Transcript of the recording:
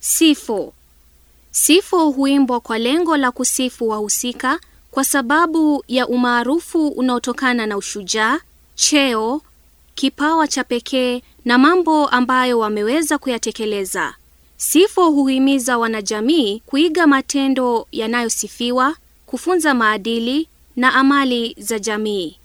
Sifu. Sifu huimbwa kwa lengo la kusifu wahusika kwa sababu ya umaarufu unaotokana na ushujaa, cheo, kipawa cha pekee na mambo ambayo wameweza kuyatekeleza. Sifu huhimiza wanajamii kuiga matendo yanayosifiwa, kufunza maadili na amali za jamii.